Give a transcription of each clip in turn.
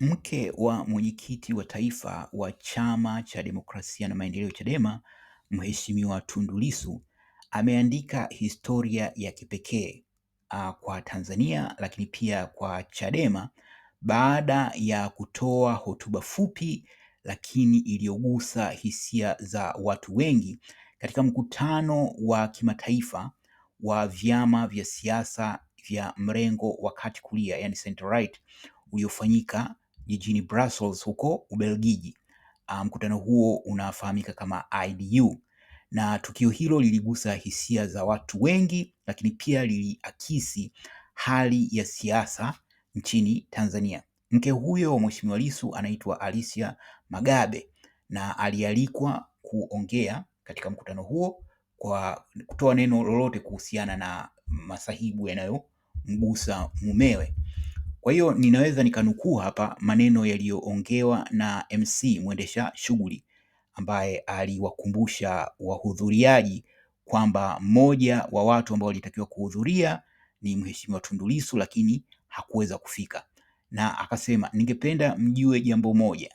Mke wa mwenyekiti wa taifa wa Chama cha Demokrasia na Maendeleo Chadema, Mheshimiwa Tundu Lissu ameandika historia ya kipekee uh, kwa Tanzania lakini pia kwa Chadema baada ya kutoa hotuba fupi lakini iliyogusa hisia za watu wengi katika mkutano wa kimataifa wa vyama vya siasa vya mrengo wa kati kulia, yani center right uliofanyika jijini Brussels huko Ubelgiji. Ah, mkutano um, huo unafahamika kama IDU na tukio hilo liligusa hisia za watu wengi, lakini pia liliakisi hali ya siasa nchini Tanzania. Mke huyo wa Mheshimiwa Lissu anaitwa Alicia Magabe na alialikwa kuongea katika mkutano huo kwa kutoa neno lolote kuhusiana na masahibu yanayomgusa mumewe. Kwa hiyo ninaweza nikanukuu hapa maneno yaliyoongewa na MC mwendesha shughuli ambaye aliwakumbusha wahudhuriaji kwamba mmoja wa watu ambao walitakiwa kuhudhuria ni Mheshimiwa Tundu Lissu lakini hakuweza kufika, na akasema, ningependa mjue jambo moja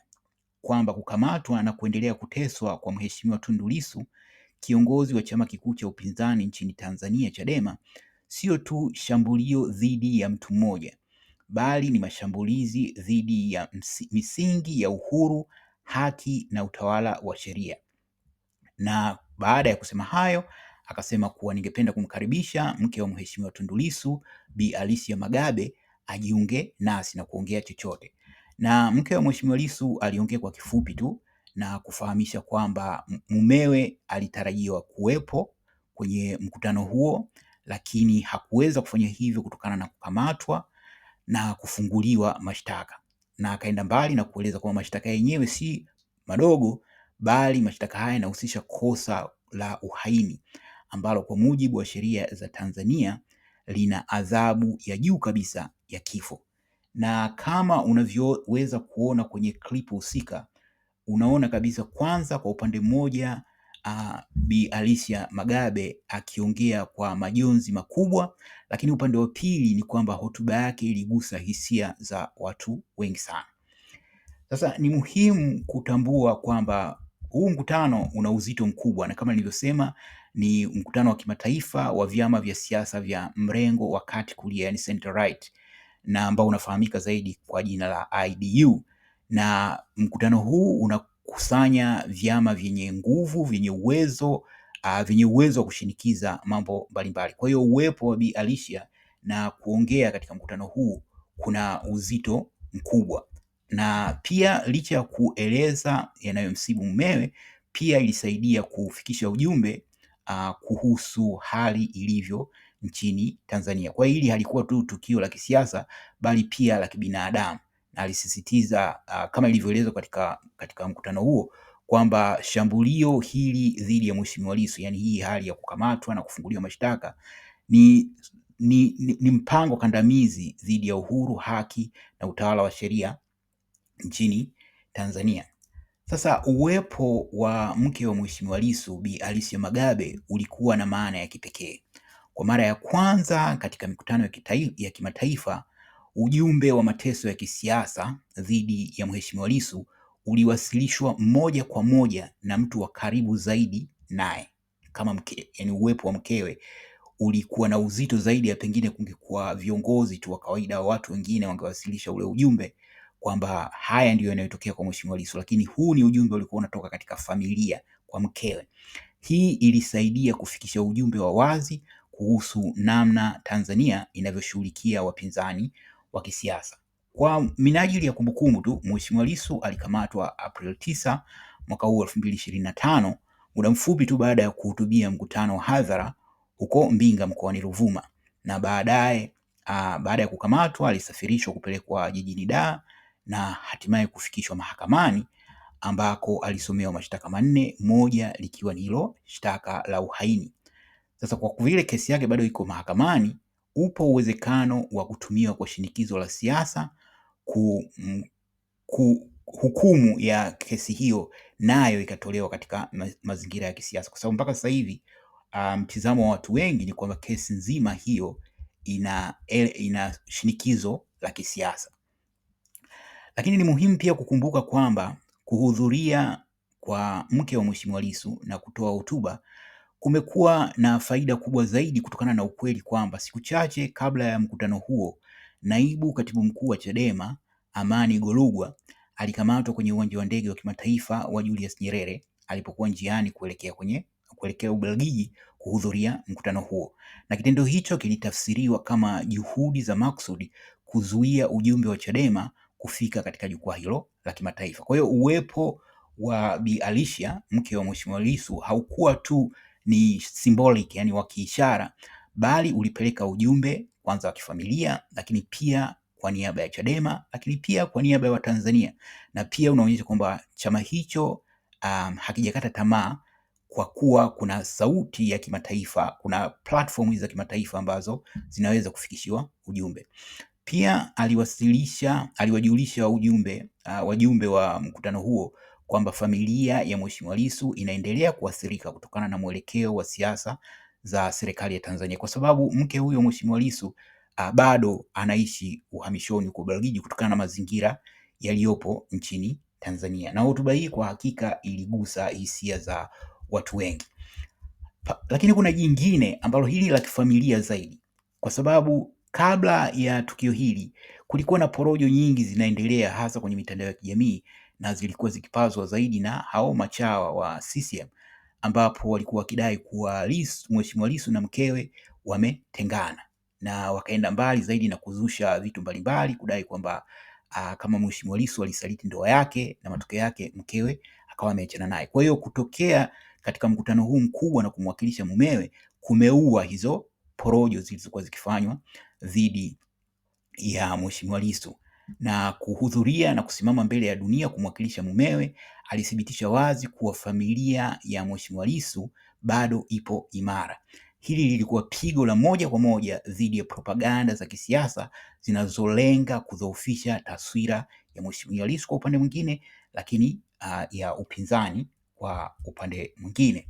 kwamba kukamatwa na kuendelea kuteswa kwa Mheshimiwa Tundu Lissu, kiongozi wa chama kikuu cha upinzani nchini Tanzania Chadema, sio tu shambulio dhidi ya mtu mmoja bali ni mashambulizi dhidi ya misingi ya uhuru, haki na utawala wa sheria. Na baada ya kusema hayo akasema kuwa ningependa kumkaribisha mke wa Mheshimiwa Tundu Lissu Bi Alicia Magabe ajiunge nasi na kuongea chochote. Na mke wa Mheshimiwa Lissu aliongea kwa kifupi tu na kufahamisha kwamba mumewe alitarajiwa kuwepo kwenye mkutano huo, lakini hakuweza kufanya hivyo kutokana na kukamatwa na kufunguliwa mashtaka, na akaenda mbali na kueleza kwamba mashtaka yenyewe si madogo, bali mashtaka haya yanahusisha kosa la uhaini ambalo kwa mujibu wa sheria za Tanzania lina adhabu ya juu kabisa ya kifo. Na kama unavyoweza kuona kwenye klipu husika, unaona kabisa kwanza, kwa upande mmoja uh, Bi Alicia Magabe akiongea kwa majonzi makubwa, lakini upande wa pili ni kwamba hotuba yake iligusa hisia za watu wengi sana. Sasa ni muhimu kutambua kwamba huu mkutano una uzito mkubwa, na kama nilivyosema, ni mkutano wa kimataifa wa vyama vya siasa vya mrengo wa kati kulia, yani center right, na ambao unafahamika zaidi kwa jina la IDU na mkutano huu una kusanya vyama vyenye nguvu, vyenye uwezo uh, vyenye uwezo wa kushinikiza mambo mbalimbali. Kwa hiyo uwepo wa Bi Alicia na kuongea katika mkutano huu kuna uzito mkubwa, na pia licha ya kueleza yanayomsibu mumewe, pia ilisaidia kufikisha ujumbe uh, kuhusu hali ilivyo nchini Tanzania. Kwa hili halikuwa tu tukio la kisiasa, bali pia la kibinadamu na alisisitiza uh, kama ilivyoelezwa katika, katika mkutano huo kwamba shambulio hili dhidi ya Mheshimiwa Lissu, yani hii hali ya kukamatwa na kufunguliwa mashtaka ni, ni, ni, ni mpango kandamizi dhidi ya uhuru, haki na utawala wa sheria nchini Tanzania. Sasa uwepo wa mke wa Mheshimiwa Lissu Bi Alicia Magabe ulikuwa na maana ya kipekee. Kwa mara ya kwanza katika mikutano ya, ya kimataifa Ujumbe wa mateso ya kisiasa dhidi ya Mheshimiwa Lissu uliwasilishwa moja kwa moja na mtu wa karibu zaidi naye kama mke, yani uwepo wa mkewe ulikuwa na uzito zaidi ya pengine kungekuwa viongozi tu wa kawaida wa watu wengine wangewasilisha ule ujumbe kwamba haya ndiyo yanayotokea kwa Mheshimiwa Lissu, lakini huu ni ujumbe ulikuwa unatoka katika familia kwa mkewe. Hii ilisaidia kufikisha ujumbe wa wazi kuhusu namna Tanzania inavyoshughulikia wapinzani wa kisiasa. Kwa minajili ya kumbukumbu tu, Mheshimiwa Lissu alikamatwa April 9 mwaka huu 2025, muda mfupi tu baada ya kuhutubia mkutano wa hadhara huko Mbinga mkoani Ruvuma, na baadaye baada ya kukamatwa alisafirishwa kupelekwa jijini Dar na hatimaye kufikishwa mahakamani ambako alisomewa mashtaka manne, moja likiwa ni hilo shtaka la uhaini. Sasa kwa vile kesi yake bado iko mahakamani, upo uwezekano wa kutumiwa kwa shinikizo la siasa ku, mm, ku hukumu ya kesi hiyo nayo ikatolewa katika ma mazingira ya kisiasa, kwa sababu mpaka sasa hivi ah, mtizamo um, wa watu wengi ni kwamba kesi nzima hiyo ina, ina shinikizo la kisiasa. Lakini ni muhimu pia kukumbuka kwamba kuhudhuria kwa mke wa Mheshimiwa Lissu na kutoa hotuba Kumekuwa na faida kubwa zaidi kutokana na ukweli kwamba siku chache kabla ya mkutano huo, naibu katibu mkuu wa Chadema Amani Golugwa alikamatwa kwenye uwanja wa ndege wa kimataifa wa Julius Nyerere alipokuwa njiani kuelekea kwenye kuelekea Ubelgiji kuhudhuria mkutano huo, na kitendo hicho kilitafsiriwa kama juhudi za maksudi kuzuia ujumbe wa Chadema kufika katika jukwaa hilo la kimataifa. Kwa hiyo uwepo wa Bi Alicia mke wa Mheshimiwa Lissu haukuwa tu ni symbolic, yani wa kiishara, bali ulipeleka ujumbe kwanza wa kifamilia, lakini pia kwa niaba ya Chadema, lakini pia kwa niaba ya Watanzania, na pia unaonyesha kwamba chama hicho um, hakijakata tamaa kwa kuwa kuna sauti ya kimataifa, kuna platform za kimataifa ambazo zinaweza kufikishiwa ujumbe. Pia aliwasilisha aliwajulisha ujumbe uh, wajumbe wa mkutano huo kwamba familia ya Mheshimiwa Lissu inaendelea kuathirika kutokana na mwelekeo wa siasa za serikali ya Tanzania, kwa sababu mke huyo Mheshimiwa Lissu ah, bado anaishi uhamishoni kwa Ubelgiji kutokana na mazingira yaliyopo nchini Tanzania. Na hotuba hii kwa hakika iligusa hisia za watu wengi pa, lakini kuna jingine ambalo hili la kifamilia zaidi, kwa sababu Kabla ya tukio hili kulikuwa na porojo nyingi zinaendelea hasa kwenye mitandao ya kijamii na zilikuwa zikipazwa zaidi na hao machawa wa CCM ambapo walikuwa wakidai kuwa Mheshimiwa Lissu na mkewe wametengana, na wakaenda mbali zaidi na kuzusha vitu mbalimbali kudai kwamba ah, kama Mheshimiwa Lissu alisaliti ndoa yake na matokeo yake mkewe akawa ameachana naye. Kwa hiyo kutokea katika mkutano huu mkubwa na kumwakilisha mumewe kumeua hizo porojo zilizokuwa zikifanywa dhidi ya Mheshimiwa Lissu na kuhudhuria na kusimama mbele ya dunia kumwakilisha mumewe, alithibitisha wazi kuwa familia ya Mheshimiwa Lissu bado ipo imara. Hili lilikuwa pigo la moja kwa moja dhidi ya propaganda za kisiasa zinazolenga kudhoofisha taswira ya Mheshimiwa Lissu kwa upande mwingine, lakini uh, ya upinzani kwa upande mwingine.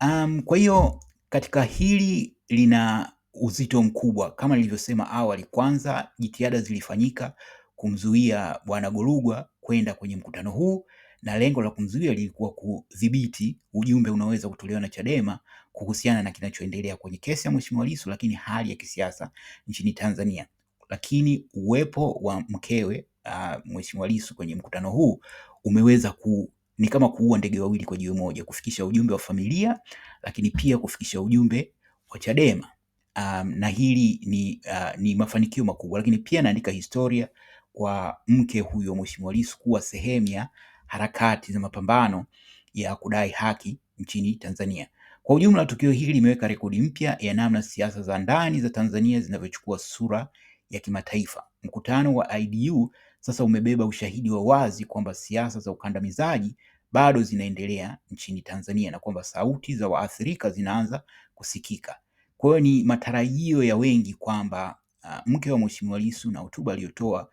Um, kwa hiyo katika hili lina uzito mkubwa. Kama nilivyosema awali, kwanza jitihada zilifanyika kumzuia Bwana gorugwa kwenda kwenye mkutano huu, na lengo la kumzuia lilikuwa kudhibiti ujumbe unaweza kutolewa na Chadema kuhusiana na kinachoendelea kwenye kesi ya Mheshimiwa Lissu, lakini hali ya kisiasa nchini Tanzania. Lakini uwepo wa mkewe uh, Mheshimiwa Lissu kwenye mkutano huu umeweza ku ni kama kuua ndege wawili kwa jiwe moja, kufikisha ujumbe wa familia, lakini pia kufikisha ujumbe wa Chadema um, na hili ni, uh, ni mafanikio makubwa, lakini pia naandika historia kwa mke huyo Mheshimiwa Lissu kuwa sehemu ya harakati za mapambano ya kudai haki nchini Tanzania. Kwa ujumla, tukio hili limeweka rekodi mpya ya namna siasa za ndani za Tanzania zinavyochukua sura ya kimataifa. Mkutano wa IDU sasa umebeba ushahidi wa wazi kwamba siasa za ukandamizaji bado zinaendelea nchini Tanzania na kwamba sauti za waathirika zinaanza kusikika. Kwa hiyo ni matarajio ya wengi kwamba uh, mke wa Mheshimiwa Lissu na hotuba aliyotoa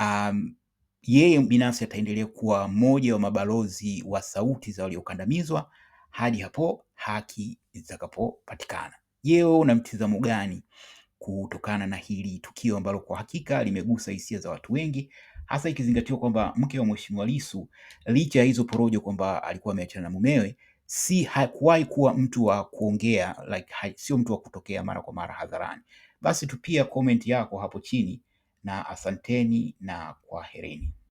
um, yeye binafsi ataendelea kuwa mmoja wa mabalozi wa sauti za waliokandamizwa hadi hapo haki zitakapopatikana. Je, wewe una mtizamo gani kutokana na hili tukio ambalo kwa hakika limegusa hisia za watu wengi, hasa ikizingatiwa kwamba mke wa Mheshimiwa Lissu licha ya hizo porojo kwamba alikuwa ameachana na mumewe, si hakuwahi kuwa mtu wa kuongea like, ha, sio mtu wa kutokea mara kwa mara hadharani. Basi tupia comment yako hapo chini na asanteni na kwaherini.